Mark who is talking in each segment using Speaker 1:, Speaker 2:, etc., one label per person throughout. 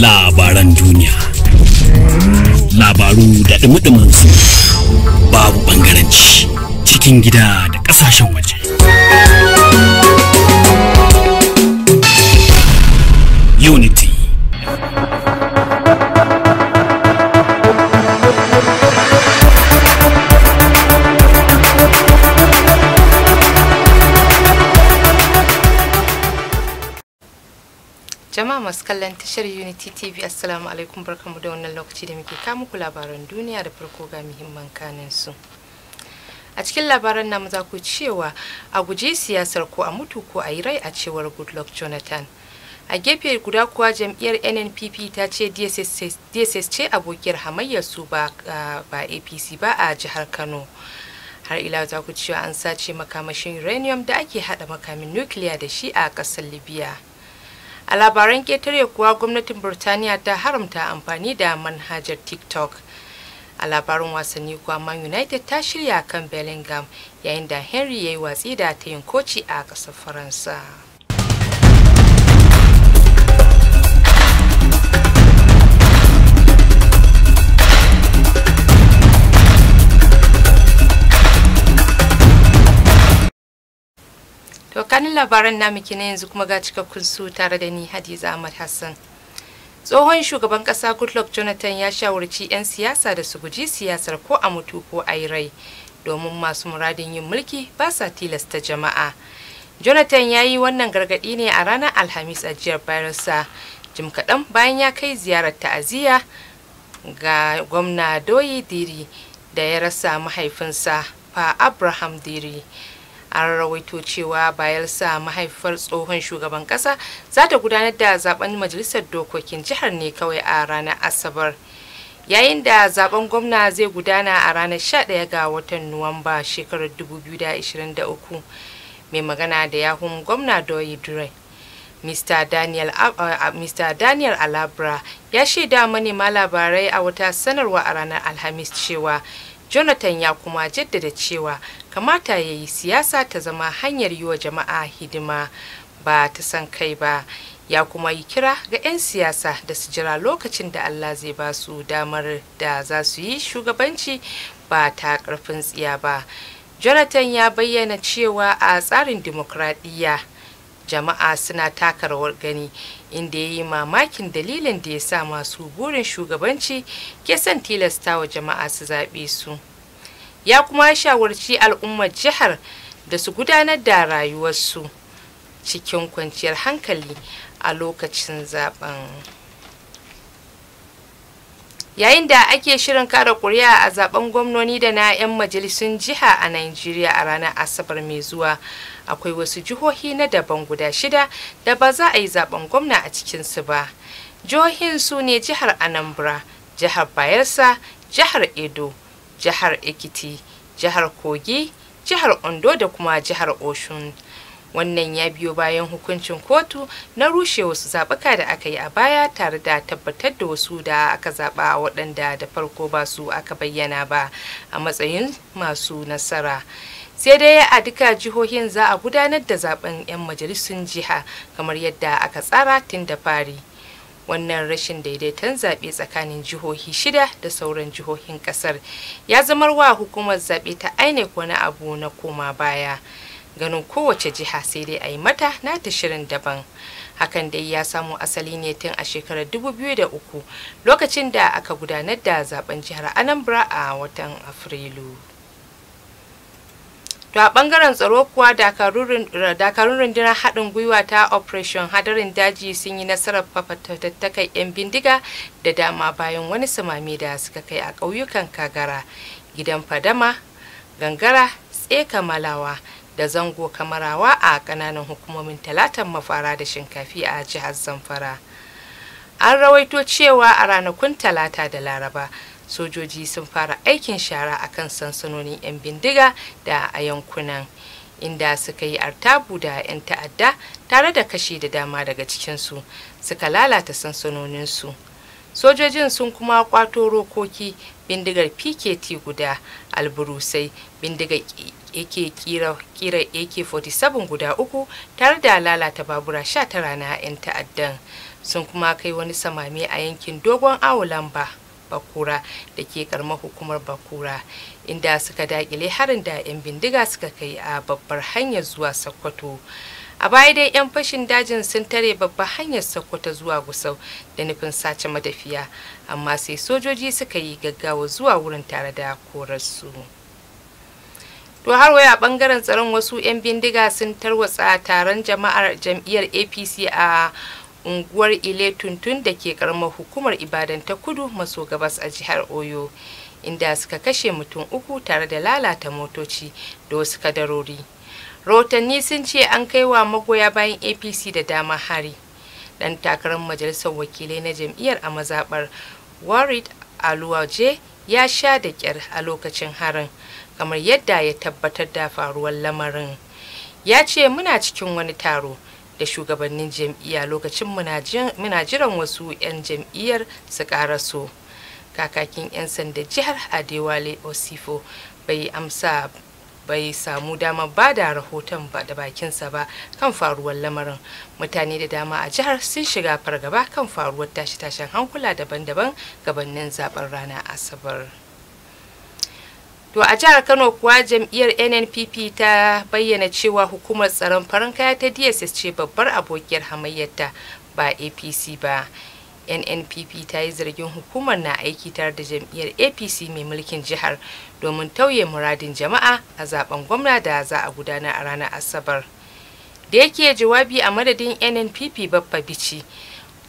Speaker 1: labaran duniya labaru da dumi su babu bangaranci cikin gida da ƙasashen waje unit Jama'a masu kallon tashar Unity TV Assalamu alaikum barkamu da wannan lokaci da muke kama ku labaran duniya da farko ga muhimman kanin su. A cikin labaran namu za ku cewa a guji siyasar ko a mutu ko a yi rai a cewar Goodluck Jonathan. A gefe guda kuwa jam'iyyar NNPP ta ce DSS ce abokiyar hamayyar su ba APC ba a jihar Kano. har ila za ku cewa an sace makamashin uranium da ake hada makamin nukiliya da shi a ƙasar Libya. a labaran ketare kuwa gwamnatin burtaniya ta haramta amfani da manhajar tiktok a labarin wasanni kuwa man united ta shirya kan bellingham yayin da henry ya yi watsi da ta yin koci a ƙasar faransa To kanin labaran namu na yanzu kuma ga cikakkun su tare da ni Hadiza Ahmad Hassan. Tsohon shugaban kasa Goodluck Jonathan ya shawarci 'yan siyasa da su guji siyasar ko a mutu ko a yi rai domin masu muradin yin mulki ba sa tilasta jama'a. Jonathan ya yi wannan gargaɗi ne a ranar Alhamis a jiyar bayarsa jim kaɗan bayan ya kai ziyarar ta'aziyya ga gwamna Doyi Diri da ya rasa mahaifinsa fa Abraham Diri. an rawaito cewa bayelsa mahaifar tsohon shugaban kasa za ta gudanar da zaben majalisar dokokin jihar ne kawai a ranar asabar yayin da zaben gwamna zai gudana a ranar 11 ga watan nuwamba shekarar 2023 mai magana da yahun gwamna doyi dure Mr. Daniel, uh, uh, Mr. Daniel Alabra ya shaida manema labarai a wata sanarwa a ranar Alhamis cewa jonathan ya kuma jaddada cewa kamata ya yi siyasa ta zama hanyar yi wa jama'a hidima ba ta san kai ba ya kuma yi kira ga 'yan siyasa da su jira lokacin da allah zai ba su damar da za su yi shugabanci ba ta karfin tsiya ba jonathan ya bayyana cewa a tsarin dimokuraɗiyya jama'a suna taka rawar gani inda ya yi mamakin dalilin da ya sa masu burin shugabanci ke son tilasta wa jama'a su zaɓe su ya kuma shawarci al'ummar jihar da su gudanar da rayuwarsu cikin kwanciyar hankali a lokacin zaben. yayin da ake shirin kare kuri'a a zaben gwamnoni da na 'yan majalisun jiha a Najeriya a ranar Asabar mai zuwa akwai wasu jihohi na daban guda shida da ba za a yi zaben gwamna a cikinsu ba jihohin su ne jihar Anambra jihar Bayelsa jihar Edo jihar Ekiti jihar Kogi jihar Ondo da kuma jihar Oshun. wannan ya biyo bayan hukuncin kotu na rushe wasu zaɓuka da aka yi a baya tare da tabbatar da wasu da aka zaɓa waɗanda da farko ba su aka bayyana ba a matsayin masu nasara sai dai a duka jihohin za a gudanar da zaben 'yan majalisun jiha kamar yadda aka tsara tun da fari wannan rashin daidaiton zaɓe tsakanin jihohi shida da sauran jihohin ƙasar ya zamar wa hukumar zaɓe ta INEC wani abu na koma baya. ganin kowace jiha sai dai a yi mata ta shirin daban hakan dai ya samo asali ne tun a shekarar 2003 lokacin da aka gudanar da zaben jihar anambra a watan afrilu to a bangaren tsaro kuwa dakarun rundunar haɗin gwiwa ta operation hadarin daji sun yi nasarar fafatattakai 'yan bindiga da dama bayan wani samami da suka kai a ƙauyukan kagara gidan fadama gangara tsekamalawa malawa da zango kamarawa a kananan hukumomin talatan mafara da shinkafi a jihar zamfara an rawaito cewa a ranakun talata da laraba sojoji sun fara aikin shara a kan sansanonin 'yan bindiga da a yankunan inda suka yi artabu da 'yan ta'adda tare da kashe da dama daga cikinsu suka lalata sansanoninsu sojojin sun kuma kwato rokoki bindigar pkt guda alburusai bindigar ak kira ak-47 guda uku tare da lalata babura 19 na 'yan ta'addan sun kuma kai wani samami a yankin dogon awo lamba bakura da ke karamar hukumar bakura inda suka dakile harin da 'yan bindiga suka kai a babbar hanyar zuwa sokoto. a baya dai 'yan fashin dajin sun tare babba hanyar sakkwata zuwa gusau da nufin sace matafiya amma sai sojoji suka yi gaggawa zuwa wurin tare da korarsu to har waya bangaren tsaron wasu 'yan bindiga sun tarwatsa taron jama'ar jam'iyyar apc a unguwar ile tuntun da ke karamar hukumar ibadan ta kudu maso gabas a jihar oyo inda suka kashe mutum uku tare da lalata motoci da wasu kadarori rahotanni sun ce an kai wa magoya bayan apc da dama hari dan takarar majalisar wakilai na jam'iyyar a mazabar warid aluwaje ya sha da kyar a lokacin harin kamar yadda ya tabbatar da faruwar lamarin ya ce muna cikin wani taro da shugabannin jam'iyya lokacin muna jiran wasu 'yan jam'iyyar su karaso kakakin 'yan sanda jihar adewale osifo bai amsa bai samu dama ba da rahoton da bakinsa ba kan faruwar lamarin mutane da dama a jihar sun shiga fargaba kan faruwar tashe-tashen hankula daban-daban gabanin zaben rana asabar To a jihar Kano kuwa jam'iyyar NNPP ta bayyana cewa hukumar tsaron farin kaya ta DSS ce babbar abokiyar hamayyarta ba APC ba. nnpp ta yi zargin hukumar na aiki tare da jam'iyyar apc mai mulkin jihar domin tauye muradin jama'a a zaben gwamna da za a gudanar a ranar asabar da yake jawabi a madadin nnpp babba bici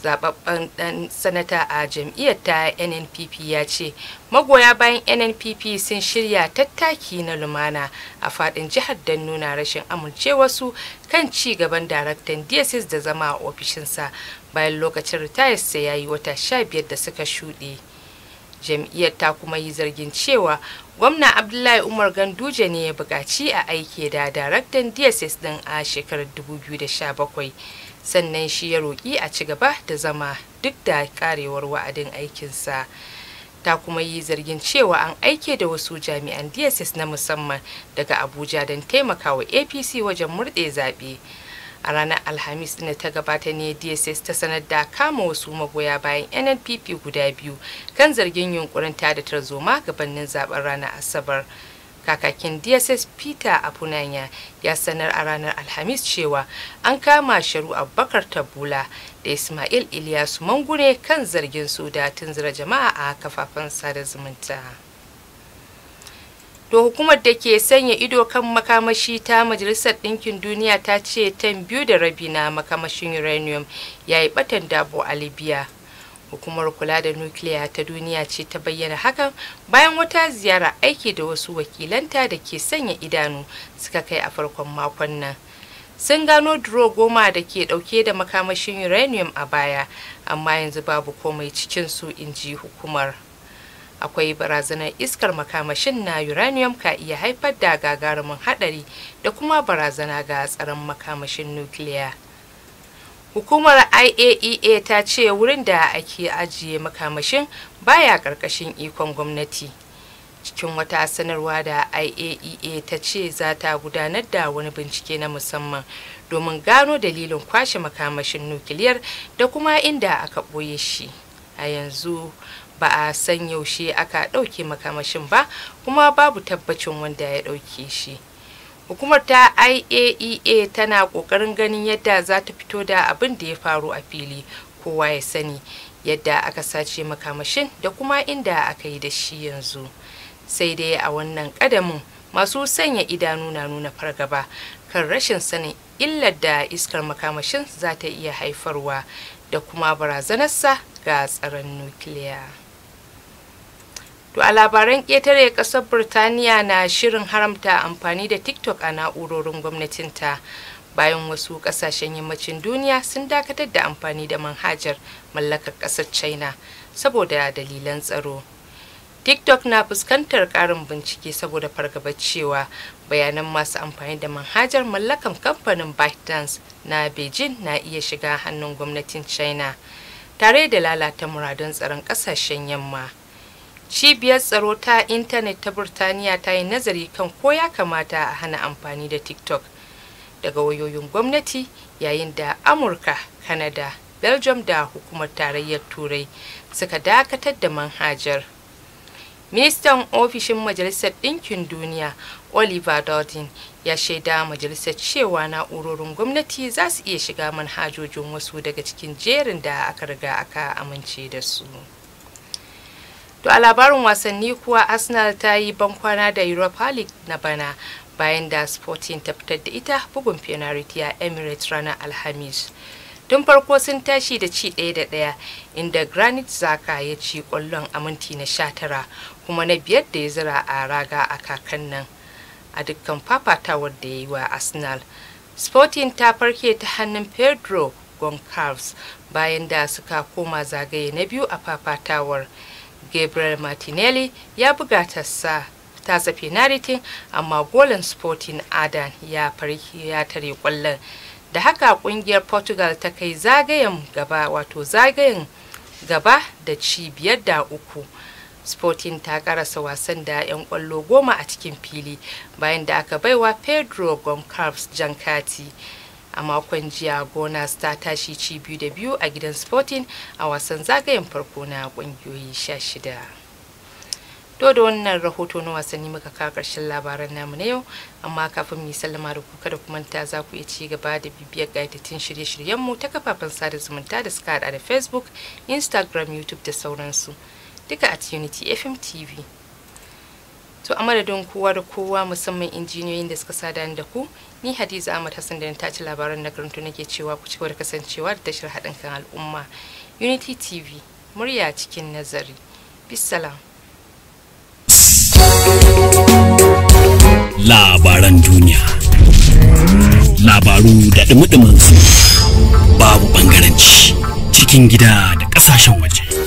Speaker 1: zababben dan sanata a jam'iyyar ta nnpp ya ce magoya bayan nnpp sun shirya tattaki na lumana a fadin jihar don nuna rashin amincewarsu kan ci gaban daraktan dss da zama a ofishinsa bayan lokacin ritayarsa ya yi wata sha biyar da suka shuɗe jam'iyyar ta kuma yi zargin cewa gwamna abdullahi umar ganduje ne ya buƙaci a aike da daraktan dss din a shekarar 2017 sannan shi ya roƙi a ci gaba da zama duk da karewar wa'adin aikinsa ta kuma yi zargin cewa an aike da wasu jami'an dss na musamman daga abuja don taimakawa apc wajen murɗe zaɓe a ranar alhamis da ta gabata ne dss ta sanar da kama wasu magoya bayan nnpp guda biyu kan zargin yunkurin tada tarzoma gabanin zaben ranar asabar kakakin dss peter apunanya ya sanar a ranar alhamis cewa an kama sharu abubakar tabula da ismail ilyasu mangune kan zargin su da tunzura jama'a a kafafen sada zumunta to hukumar da ke sanya ido kan makamashi ta majalisar ɗinkin duniya ta ce tan biyu da rabi na makamashin uranium ya yi batan dabo a libya hukumar kula da nukiliya ta duniya ce ta bayyana hakan bayan wata ziyara aiki da wasu wakilanta da ke sanya idanu suka kai a farkon makon nan sun gano duro goma da ke dauke da makamashin uranium a baya amma yanzu babu komai cikin su ji hukumar akwai barazanar iskar makamashin na uranium ka iya haifar da gagarumin hadari da kuma barazana ga tsaron makamashin nukiliya. hukumar iaea e ta ce wurin da ake ajiye makamashin baya karkashin ikon gwamnati cikin wata sanarwa da iaea e ta ce za ta gudanar da wani bincike na musamman domin gano dalilin kwashe makamashin nukiliyar da kuma inda aka ɓoye shi a yanzu ba a san yaushe aka ɗauke makamashin ba kuma babu tabbacin wanda ya ɗauke shi hukumar ta iaea e tana kokarin ganin yadda za ta fito da abin da ya faru a fili kowa ya sani yadda aka sace makamashin da kuma inda aka yi da shi yanzu sai dai a wannan kadamin masu sanya idanu na nuna fargaba kan rashin sanin illar da iskar makamashin za ta iya haifarwa da kuma barazanarsa ga tsaron nukiliya. To a labaran ƙetare ƙasar burtaniya na shirin haramta amfani da TikTok a na'urorin gwamnatinta. Bayan wasu ƙasashen yammacin duniya sun dakatar da amfani da manhajar mallakar ƙasar China saboda dalilan tsaro. TikTok na fuskantar ƙarin bincike saboda fargabar cewa bayanan masu amfani da manhajar mallakar kamfanin ByteDance na Beijing na iya shiga hannun gwamnatin China tare da lalata muradun tsaron ƙasashen yamma. cibiyar tsaro ta intanet ta burtaniya ta yi nazari kan ko ya kamata a hana amfani da tiktok daga wayoyin gwamnati yayin da amurka Kanada, belgium da hukumar tarayyar turai suka dakatar da manhajar ministan ofishin majalisar ɗinkin duniya oliver dodin ya shaida majalisar cewa na'urorin gwamnati za su iya shiga manhajojin wasu daga cikin jerin da aka riga aka amince da su To a labarin wasanni kuwa Arsenal ta yi bankwana da Europa League na bana bayan da Sporting ta fitar da ita bugun penalty a Emirates ranar Alhamis. Tun farko sun tashi da ci ɗaya da ɗaya inda Granit Zaka ya ci ƙwallon a minti na tara kuma na biyar da ya zira a raga a kakan nan. A dukkan fafatawar da ya yi wa Arsenal. Sporting ta farke ta hannun Pedro Goncalves bayan da suka koma zagaye na biyu a fafatawar. gabriel martinelli ya buga tasa ta tsafi naritin amma golan sporting adan ya farki ya tare kwallon da haka kungiyar portugal ta kai zagayen gaba wato zagayen gaba da ci biyar da uku sporting ta karasa wasan da 'yan kwallo goma a cikin fili bayan da aka baiwa pedro goncalves jankati a makon jiya gona ta tashi ci biyu da biyu a gidan sporting a wasan zagayen farko na kungiyoyi sha shida to da wannan rahoto na wasanni muka kawo karshen labaran namu na yau amma kafin mu sallama da kuka da kuma ta za ku iya ci gaba da bibiyar gaitattun shirye shiryen mu ta kafafen sada zumunta da suka hada da facebook instagram youtube da sauransu duka at unity fm tv To a madadin kowa da kowa musamman injiniyoyin da suka sada da ku, ni Hadiza Ahmad Hassan da ta ci labaran na karanto nake cewa ku cigaba da kasancewa da tashar haɗin kan al'umma. Unity TV, murya cikin nazari. Bisalam. Labaran duniya. Labaru da dumi su babu ɓangaranci cikin gida da ƙasashen waje.